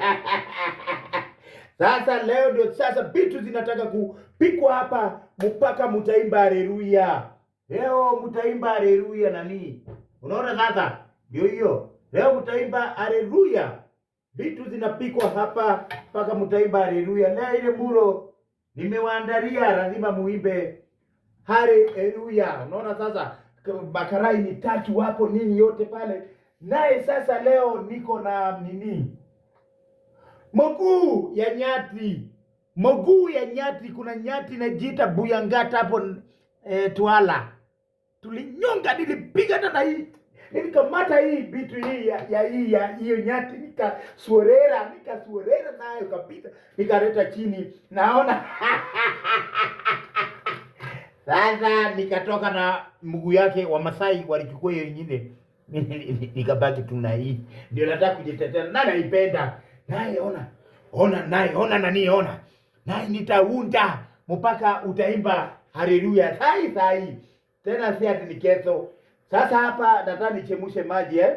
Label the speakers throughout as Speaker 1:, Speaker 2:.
Speaker 1: Sasa leo ndio sasa vitu zinataka kupikwa hapa, mpaka mutaimba haleluya. Leo mtaimba haleluya nani? Unaona sasa? Ndio hiyo. Leo mtaimba haleluya. Vitu zinapikwa hapa mpaka mutaimba haleluya. Leo ile muro nimewaandalia lazima muimbe haleluya. Unaona sasa bakarai ni tatu wapo nini yote pale. Naye sasa leo niko na nini? Moguu ya nyati, moguu ya nyati. Kuna nyati inajiita Buyangata hapo eh, Twala tulinyonga, nilipiga na hii nilikamata hii bitu hii ya ya hii ya hiyo nyati nikasuerera nikasuerera nayo kapita nikareta chini, naona sasa nikatoka na mguu yake. Wamasai walichukua hiyo nyingine, nikabaki tuna hii ndio nataka kujitetea, nanaipenda naye ona ona naye ona nani ona naye nitaunda mpaka utaimba haleluya sai sai tena, si ati ni kesho. Sasa hapa nataka nichemshe maji eh,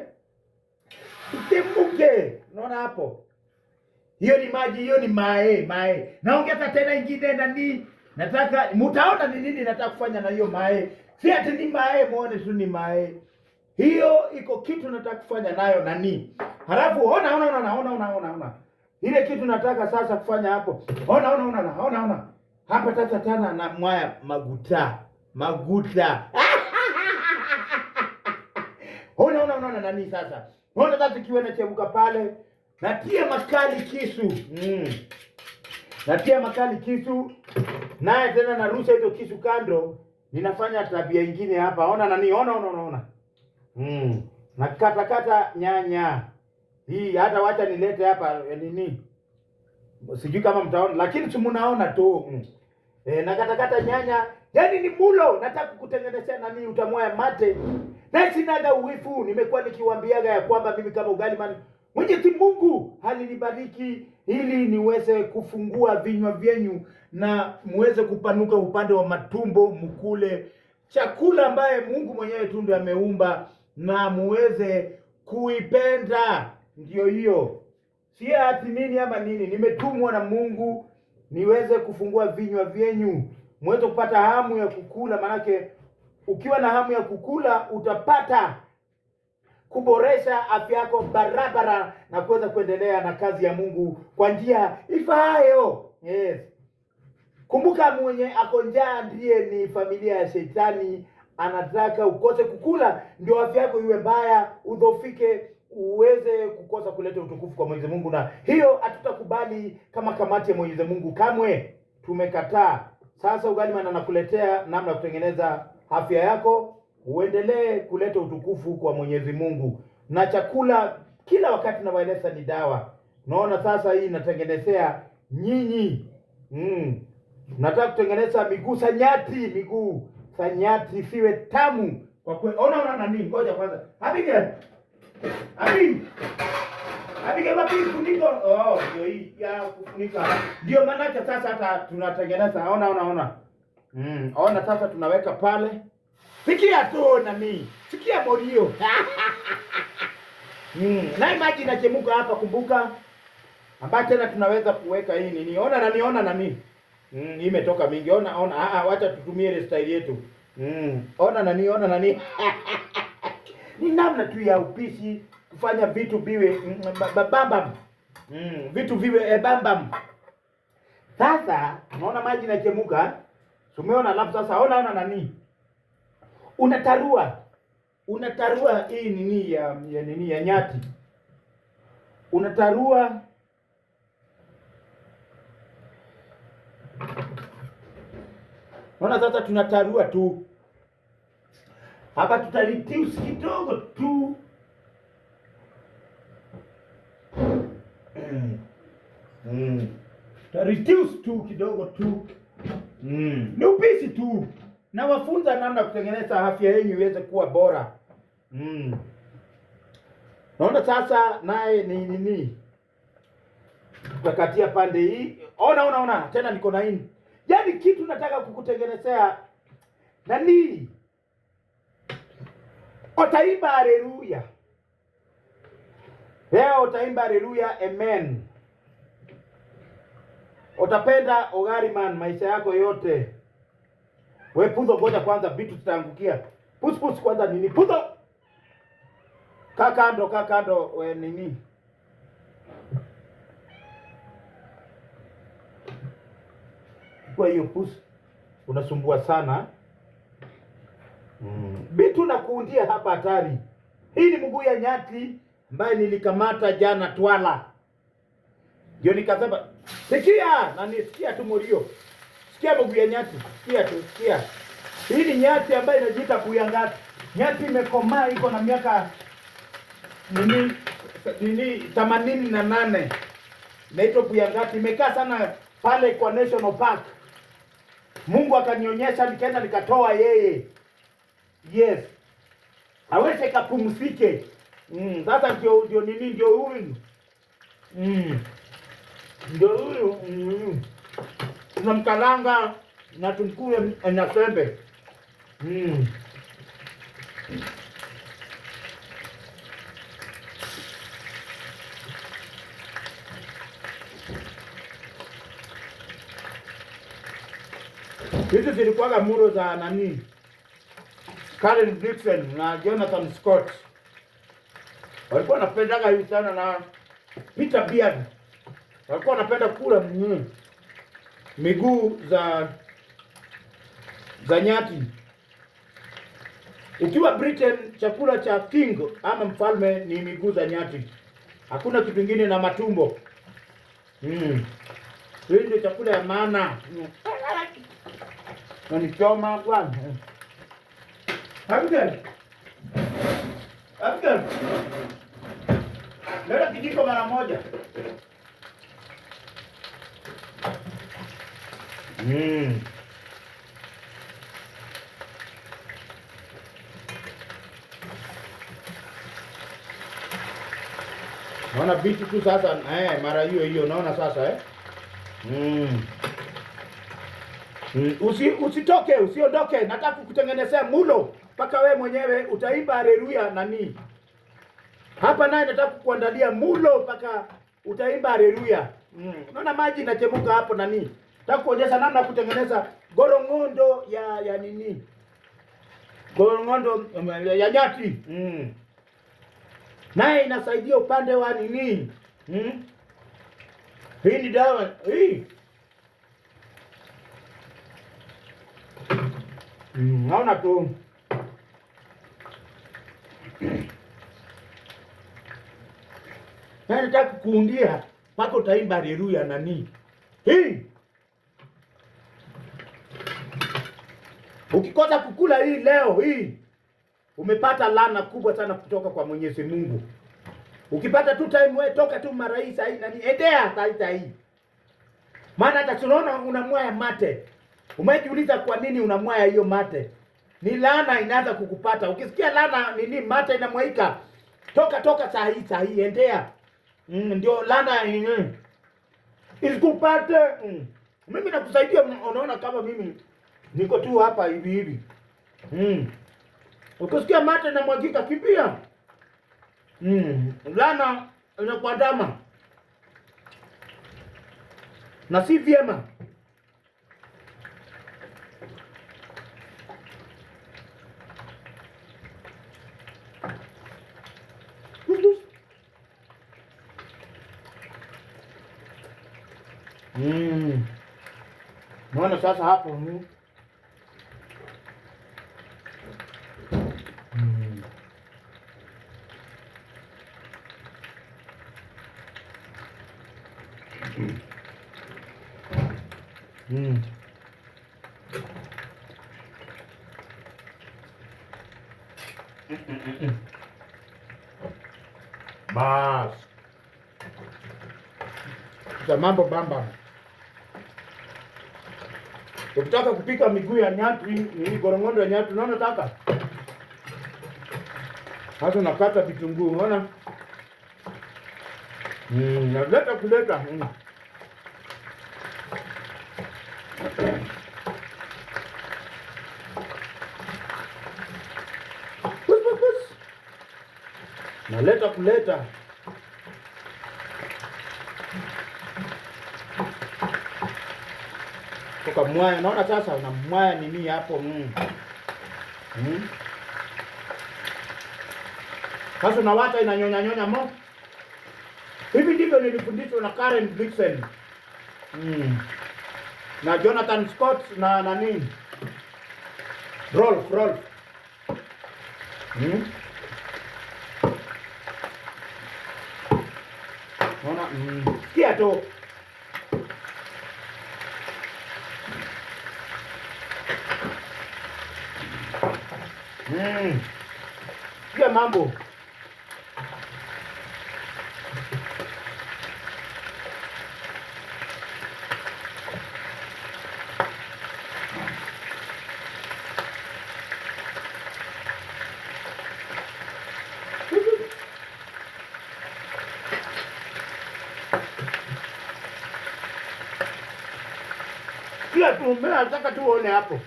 Speaker 1: itembuke. Unaona hapo, hiyo ni maji, hiyo ni mae mae. Naongeza tena ingine nani, nataka mtaona ni nini nataka kufanya na hiyo mae. Si ati ni mae, muone tu ni mae hiyo iko kitu nataka kufanya nayo nani. Halafu ona ona ona ona ona ona ona ile kitu nataka sasa kufanya hapo, ona ona ona ona ona hapa tata tena na mwaya maguta maguta ona ona ona nani sasa, ona sasa kiwe chebuka pale, natia makali kisu mm. natia makali kisu naye tena narusha hizo kisu kando, ninafanya tabia ingine hapa. Ona nani, ona ona ona ona mm. Nakatakata nyanya hii, hata wacha nilete hapa eh, nini, sijui kama mtaona, lakini si mnaona tu mm. E, nakatakata nyanya, yani ni mulo. Nataka kukutengenezea nani, utamwaya mate na sinaga uwifu. Nimekuwa nikiwaambiaga ya kwamba mimi kama ugali man Mwenyezi Mungu alinibariki ili niweze kufungua vinywa vyenyu na muweze kupanuka upande wa matumbo, mkule chakula ambaye Mungu mwenyewe tu ndiye ameumba na muweze kuipenda. ndio hiyo, si ati nini ama nini. Nimetumwa na Mungu niweze kufungua vinywa vyenyu muweze kupata hamu ya kukula, maanake ukiwa na hamu ya kukula utapata kuboresha afya yako barabara na kuweza kuendelea na kazi ya Mungu kwa njia ifaayo. Yes. Kumbuka mwenye ako njaa ndiye ni familia ya Shetani anataka ukose kukula ndio afya yako iwe mbaya, udhofike, uweze kukosa kuleta utukufu kwa Mwenyezi Mungu, na hiyo hatutakubali kama kamati ya Mwenyezi Mungu kamwe, tumekataa. Sasa Ugaliman anakuletea namna ya kutengeneza afya yako uendelee kuleta utukufu kwa Mwenyezi Mungu, na chakula kila wakati nawaeleza ni dawa. Naona sasa hii inatengenezea nyinyi mm. Nataka kutengeneza miguu sanyati miguu sanyati siwe tamu kwa kweli. Ona ona nani, ngoja kwanza apige apige apige wapi kuniko. Oh, ndio hii ya kufunika, ndio maana sasa hata tunatengeneza. Ona ona ona, mm, ona sasa tunaweka pale. Sikia tu nani, sikia morio mm, na maji inachemuka hapa. Kumbuka ambaye tena tunaweza kuweka hii nini. Ona nani, ona nani Mm, imetoka mingi. Ona ona, ah, ah, wacha tutumie ile style yetu. Mm. Ona nani, ona nani. Ni namna tu ya upishi kufanya vitu viwe mm, bambam. Mm, vitu viwe e, eh, bambam. Sasa unaona maji inachemuka. Umeona, alafu sasa ona ona nani. Unatarua. Unatarua hii nini ya, ya nini ya nyati. Unatarua Naona sasa tunatarua tu hapa, reduce kidogo tu mm. mm. Ta reduce tu kidogo tu mm. Ni upisi tu, nawafunza namna kutengeneza afya yenu iweze kuwa bora mm. Naona sasa naye ni nini Utakatia pande hii. Ona, ona, ona tena niko na ini. Yaani kitu nataka kukutengenezea nani? Utaimba haleluya. Leo utaimba haleluya, amen. Utapenda ogari man maisha yako yote. We puzo, ngoja kwanza vitu tutaangukia. Pus pus kwanza nini? Puzo, Kaa kando, kaa kando, we nini? kwa hiyo pusi unasumbua sana mm. Bitu nakuundia hapa hatari. Hii ni mguu ya nyati ambaye nilikamata jana Twala, ndio nikasema sikia, na nisikia tu mulio, sikia mguu ya nyati, sikia tu, sikia. Hii ni nyati ambaye inajiita kuyangati. Nyati imekomaa iko na miaka nini nini themanini na nane, naitwa kuyangati. Imekaa sana pale kwa National Park Mungu akanionyesha, nikaenda nikatoa yeye. Yes, aweze kapumzike. Mm, sasa ndio ndio nini, ndio huyu mm, ndio huyu mm. Tunamkalanga na tumkue eh, na sembe mm. hizi zilikuwaga muro za nani, Karen Blixen na Jonathan Scott walikuwa wanapendaga hivi sana, na Peter Beard walikuwa wanapenda kula miguu za za nyati. Ukiwa Britain, chakula cha king ama mfalme ni miguu za nyati, hakuna kitu kingine na matumbo. Mm, hii ndio chakula ya maana mm. Wanichoma kwanza. Hamdan. Hamdan. Leo kijiko mara moja. Mm. Naona bitu tu sasa eh, mara hiyo hiyo naona sasa eh. Mm. Mm. Usi, usitoke usiondoke, nataka kukutengenezea mulo mpaka we mwenyewe utaimba haleluya nani hapa. Naye nataka kukuandalia mulo mpaka utaimba haleluya. Mm. Unaona mm. maji inachemuka hapo nani. Nataka kuonyesha namna ya kutengeneza gorong'ondo ya ya nini, gorong'ondo um, ya nyati mm. naye inasaidia upande wa nini mm. hii ni dawa hii Mm, naona tu nataka yaani kuundia mpaka utaimba haleluya nani hii. Ukikosa kukula hii leo hii umepata laana kubwa sana kutoka kwa Mwenyezi Mungu. Ukipata tu time wewe toka tu mara hii sahii nani endea sahii sahii, maana hata tunaona unamwaya mate Umejiuliza kwa nini unamwaya hiyo mate? Ni laana inaanza kukupata. Ukisikia laana nini mate inamwaika, toka toka saa hii saa hii endea. Mm, ndio laana mm, isikupate. Mm. Mimi nakusaidia, unaona kama mimi niko tu hapa hivi hivi. Mm. Ukisikia mate inamwagika kimbia. Mm. Laana inakuandama. Na si vyema. Mm. Mwana sasa hapo ni mm. Mm. Bas. Za mambo bamba. Ukitaka kupika miguu ya nyatu hii gorong'ondo ya nyatu unaona taka. Hata nakata vitunguu unaona? Mm, naleta kuleta. Mm. Naleta kuleta. mwaya. naona sasa na mwaya nini hapo mm. Mm. Sasa wata inanyonya nyonya mo. Hivi ndivyo nilifundishwa na Karen Blixen mm. na Jonathan Scott na nani Rolf Rolf mm. mm. kia tu. Mm. Sikia mambo. Kila tu mbele nataka tuone hapo.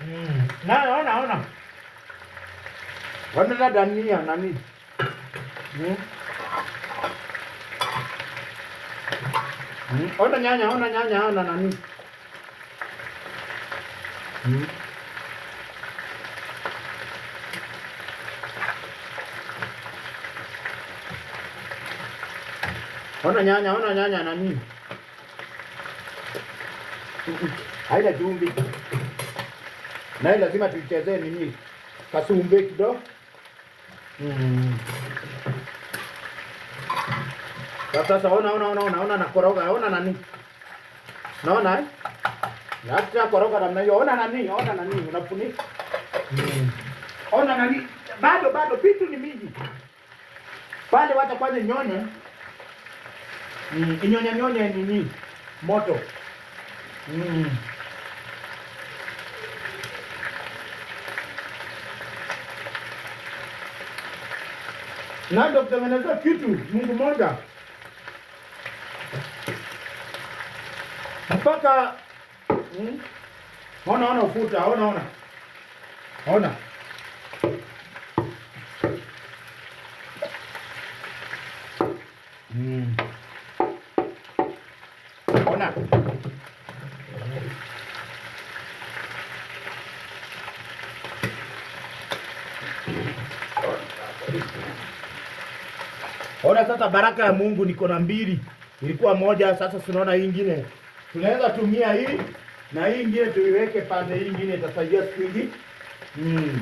Speaker 1: Mm. Na ona ona. Wamela dania na Hmm? Hmm? Ona nyanya, ona nyanya, ona nani? Hmm? Ona nyanya, ona nyanya nani nini? Haina chumvi. Na lazima tuichezee nini? Kasumbe kidogo. Sasa ona, ona, ona, ona, ona nakoroga, ona nani, naona nakoroga eh? namna hiyo, ona nani, ona nani, unafunika ona nani, bado bado, vitu ni mingi pale, wacha kwanza mm, nyonye inyonya nyonya nini moto mm. nado kutengeneza kitu Mungu moja mpaka hmm? Ona ona ufuta, ona ona ona sasa baraka ya Mungu niko na mbili, ilikuwa moja, sasa tunaona hii ingine tunaweza tumia hii na hii ingine tuiweke pande, hii ingine itasaidia siku hizi. Mm.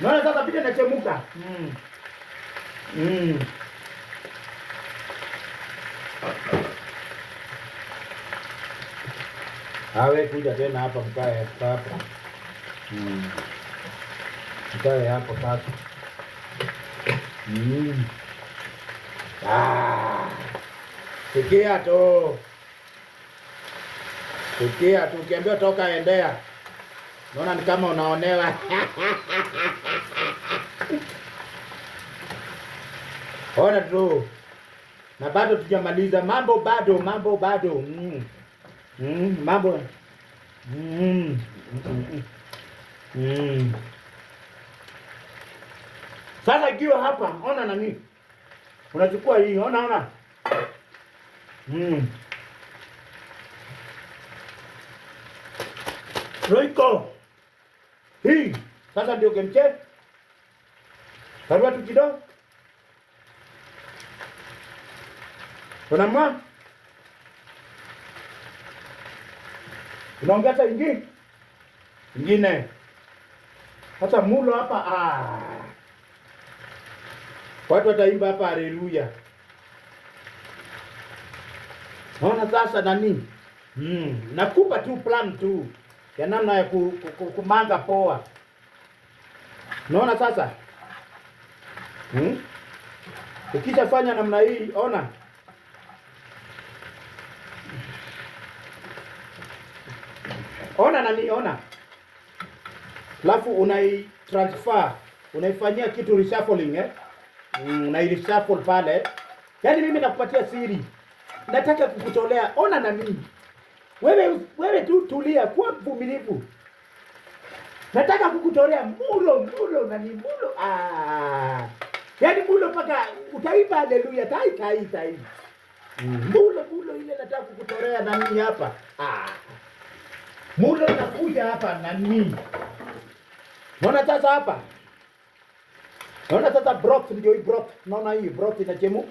Speaker 1: Naona sasa picha inachemuka. Mm. Mm. Awe kuja tena hapa mkae hapa. Mm. Mkae hapo sasa. Mm. Ah. Sikia tu, sikia tu, ukiambiwa toka, endea. Naona ni kama unaonewa ona tu, na bado tujamaliza mambo, bado mambo, bado mm. Mm, mambo mm. Mm. mm. Sasa ikiwa hapa, ona nani Unachukua hii, ona ona. Mm. Roiko. Hii sasa ndio kemche. Karua tu kidogo. Unamwa? Unaongeza ingine? Ingine. Sasa mulo hapa ah. Watu wataimba hapa haleluya. Naona sasa na nini? Mm, nakupa tu plan tu ya namna ya ku, ku, ku, kumanga poa. Naona sasa? Mm? Ukishafanya namna hii, ona. Ona nani, ona. Alafu unai transfer, unaifanyia kitu reshuffling eh? Mm, na shuffle pale. Yaani mimi nakupatia siri. Nataka kukutolea ona na mimi. Wewe wewe tu tulia, kuwa mvumilivu. Nataka kukutolea mulo mulo na ni mulo. Ah. Yaani mulo paka utaiba haleluya tai tai tai. Mm. Mulo mulo ile nataka kukutolea na mimi hapa. Ah. Mulo nakuja hapa na mimi. Mbona sasa hapa? Naona sasa broth ndio hii broth. Naona hii broth inachemu.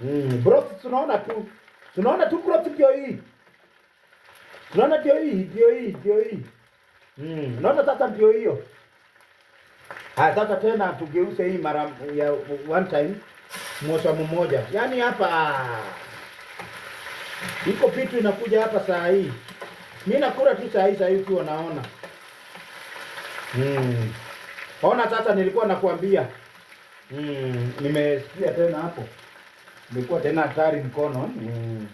Speaker 1: Mm, broth tunaona tu. Tunaona tu broth ndio hii. Tunaona ndio hii, ndio hii, ndio hii. Mm, naona sasa ndio hiyo. Ah, sasa tena tugeuse hii mara ya one time moja mmoja. Yaani hapa iko pitu inakuja hapa saa hii. Mimi nakula tu saa hii saa hii tu naona. Mm. Ona tata, nilikuwa nakuambia. Mm, nimesikia tena hapo. Nilikuwa tena hatari mkono. Mm.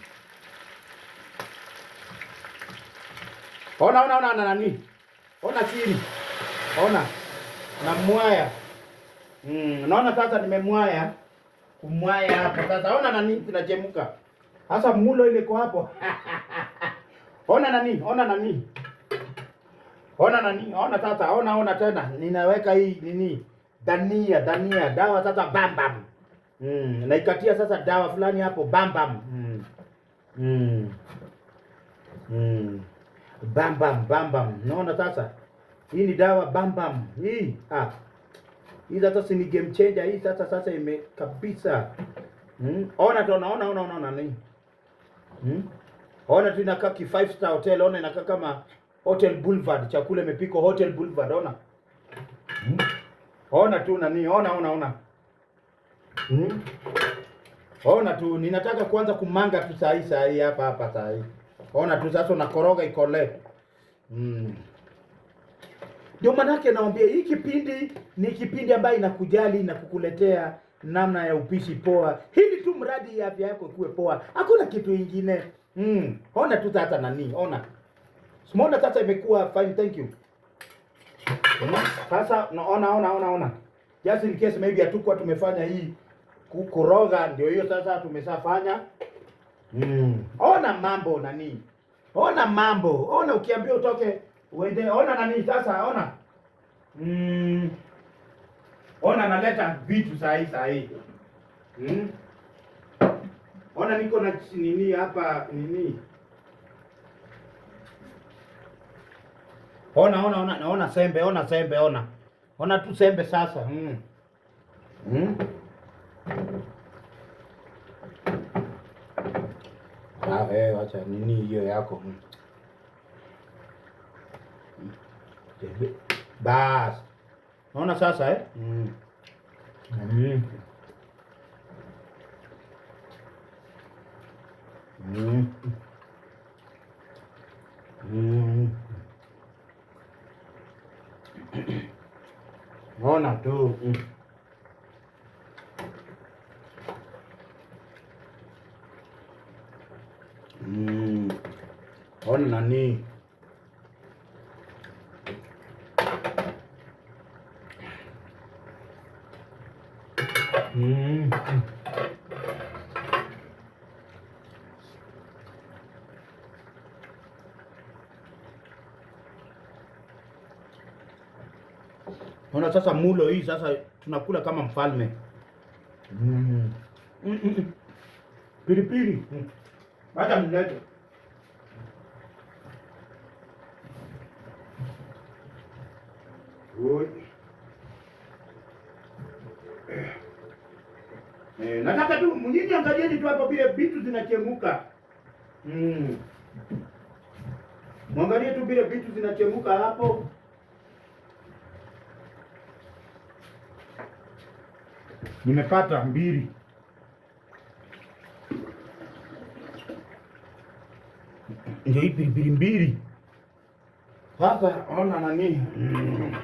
Speaker 1: Ona, ona, ona, ona nani? Ona chini. Ona. Na mwaya. Mm, naona sasa nimemwaya. Kumwaya hapo sasa. Ona nani zinachemka Hasa mulo ile iko hapo. Ona nani? Ona nani? Ona nani? Ona tata, ona ona tena. Ninaweka hii nini? Dania, dania, dawa sasa bam bam. Mm, naikatia sasa dawa fulani hapo bam bam. Mm. Mm. Mm. Bam bam bam bam. Naona sasa. Hii ni dawa bam bam. Hii ah. Hii sasa si ni game changer hii sasa sasa ime kabisa. Mm. Ona tu naona ona ona ona nini? Mm. Ona tu inakaa ki five star hotel, ona inakaa kama Hotel Boulevard, chakula imepikwa Hotel Boulevard, ona. Ona tu nani, ona ona ona. Ona tu ninataka kuanza kumanga tu saa hii saa hii hapa hapa saa hii. Ona tu sasa unakoroga ikole. Mm. Ndio manake naambia hii kipindi ni kipindi ambayo inakujali na kukuletea namna ya upishi poa. Hili tu mradi ya afya yako ikuwe poa. Hakuna kitu ingine. Mm. Ona tu sasa nani, ona. Simona sasa imekuwa fine, thank you. Sasa naona ona ona ona. Just in case maybe hatukuwa tumefanya hii kukoroga ndio hiyo sasa tumeshafanya. Mm. Ona mambo nani? Ona mambo. Ona ukiambia utoke uende ona nani sasa ona. Mm. Ona naleta vitu saa hii saa hii. Mm. Ona niko na nini hapa nini? Ona, ona, ona, naona sembe, ona sembe, ona. Ona tu sembe sasa. Mm. Mm. Ah, eh, wacha nini hiyo yako. Mm. Bas. Naona sasa eh? Mm. Mm. Mm. Mm. Oh nado, hmm oh nani hmm Ona sasa mulo hii sasa tunakula kama mfalme. Mm-hmm. Mm. Mm -mm. Pilipili. Mm. Hata mlete. Eh, nataka tu mnyinyi angalieni tu hapo vile vitu zinachemuka. Mm. Mwangalie tu vile vitu zinachemuka hapo. Nimepata mbili. Ndio hii pilipili mbili. Sasa ona nani? Mm.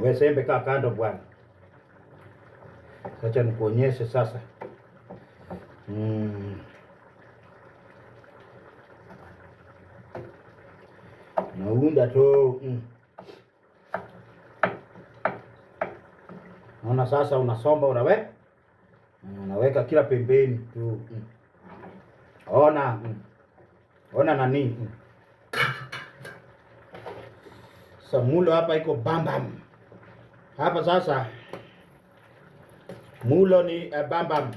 Speaker 1: Wewe sembe kaa kando bwana. Acha nikuonyeshe sasa. Mm. Naunda to mm. Naona sasa unasomba unaweka unaweka kila pembeni tu. Ona ona nani samulo hapa iko bam. hapa sasa, mulo ni uh, eh, bambam.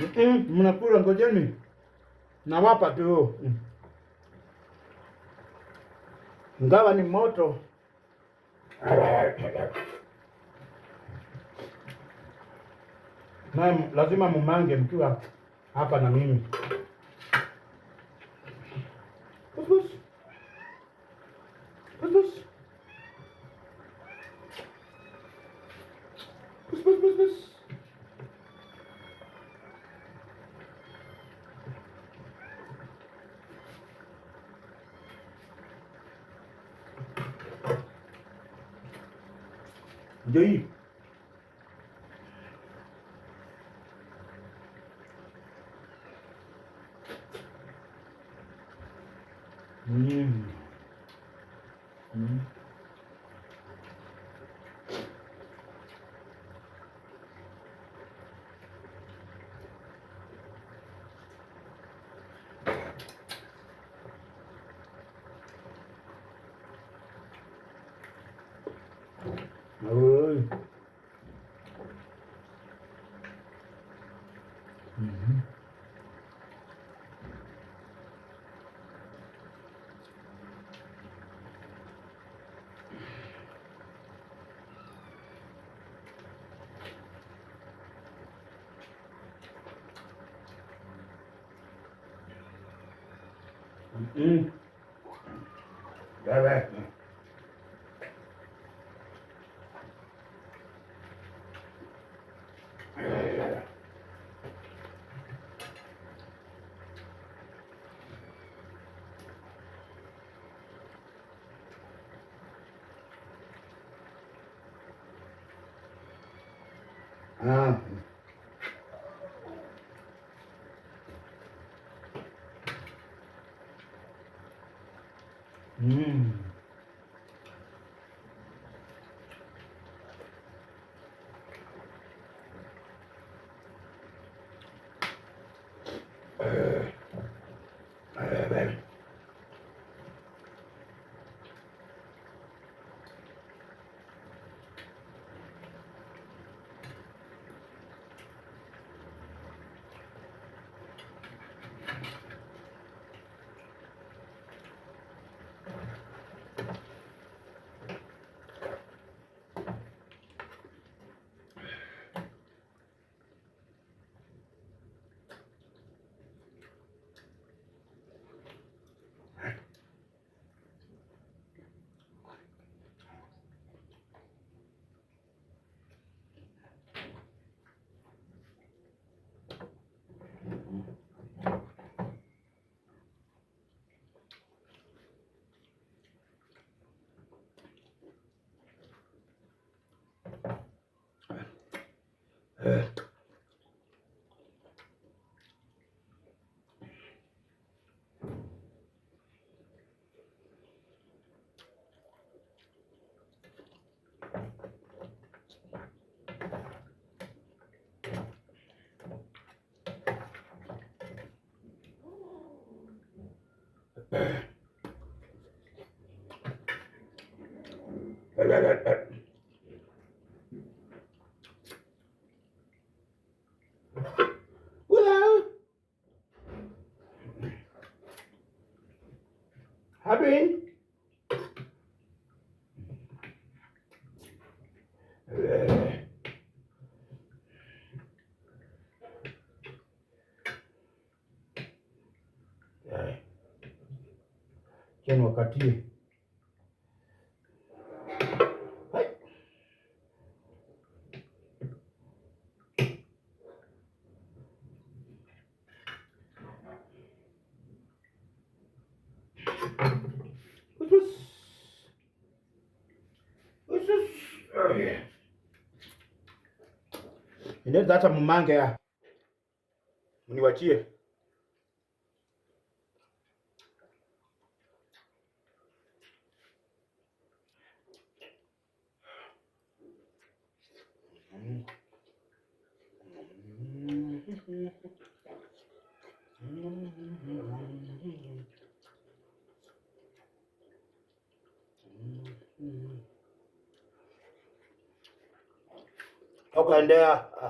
Speaker 1: Mm. mnakula, ngojeni nawapa tu, mm. ngawa ni moto na lazima mumange mkiwa hapa na mimi. về về à É. É. ukatie. Inaweza oh, hata mumange ya mniwachie. and uh,